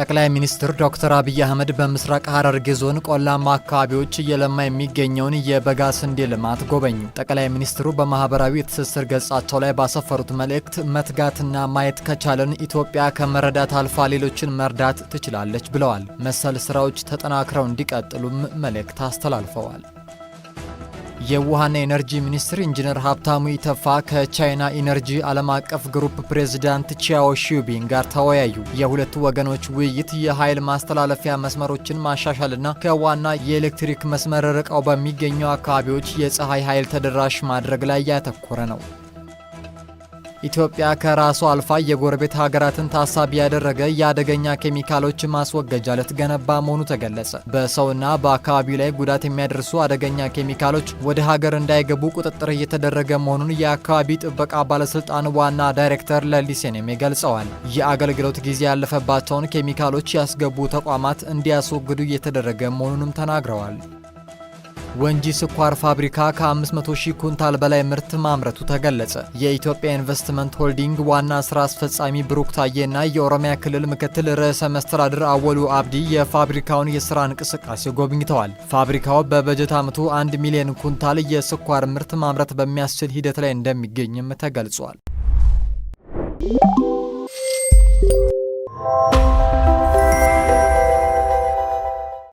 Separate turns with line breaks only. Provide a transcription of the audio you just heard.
ጠቅላይ ሚኒስትር ዶክተር አብይ አህመድ በምስራቅ ሐረርጌ ዞን ቆላማ አካባቢዎች እየለማ የሚገኘውን የበጋ ስንዴ ልማት ጎበኙ። ጠቅላይ ሚኒስትሩ በማህበራዊ የትስስር ገጻቸው ላይ ባሰፈሩት መልእክት መትጋትና ማየት ከቻለን ኢትዮጵያ ከመረዳት አልፋ ሌሎችን መርዳት ትችላለች ብለዋል። መሰል ስራዎች ተጠናክረው እንዲቀጥሉም መልእክት አስተላልፈዋል። የውሃና ኢነርጂ ሚኒስትር ኢንጂነር ሀብታሙ ኢተፋ ከቻይና ኢነርጂ ዓለም አቀፍ ግሩፕ ፕሬዝዳንት ቺያዎ ሺዩቢን ጋር ተወያዩ። የሁለቱ ወገኖች ውይይት የኃይል ማስተላለፊያ መስመሮችን ማሻሻልና ከዋና የኤሌክትሪክ መስመር ርቀው በሚገኙ አካባቢዎች የፀሐይ ኃይል ተደራሽ ማድረግ ላይ ያተኮረ ነው። ኢትዮጵያ ከራሱ አልፋ የጎረቤት ሀገራትን ታሳቢ ያደረገ የአደገኛ ኬሚካሎች ማስወገጃ ልትገነባ መሆኑ ተገለጸ። በሰውና በአካባቢው ላይ ጉዳት የሚያደርሱ አደገኛ ኬሚካሎች ወደ ሀገር እንዳይገቡ ቁጥጥር እየተደረገ መሆኑን የአካባቢ ጥበቃ ባለስልጣን ዋና ዳይሬክተር ለሊሴኔሜ ገልጸዋል። የአገልግሎት ጊዜ ያለፈባቸውን ኬሚካሎች ያስገቡ ተቋማት እንዲያስወግዱ እየተደረገ መሆኑንም ተናግረዋል። ወንጂ ስኳር ፋብሪካ ከ500 ሺህ ኩንታል በላይ ምርት ማምረቱ ተገለጸ። የኢትዮጵያ ኢንቨስትመንት ሆልዲንግ ዋና ስራ አስፈጻሚ ብሩክ ታዬና የኦሮሚያ ክልል ምክትል ርዕሰ መስተዳድር አወሉ አብዲ የፋብሪካውን የስራ እንቅስቃሴ ጎብኝተዋል። ፋብሪካው በበጀት ዓመቱ 1 ሚሊዮን ኩንታል የስኳር ምርት ማምረት በሚያስችል ሂደት ላይ እንደሚገኝም ተገልጿል።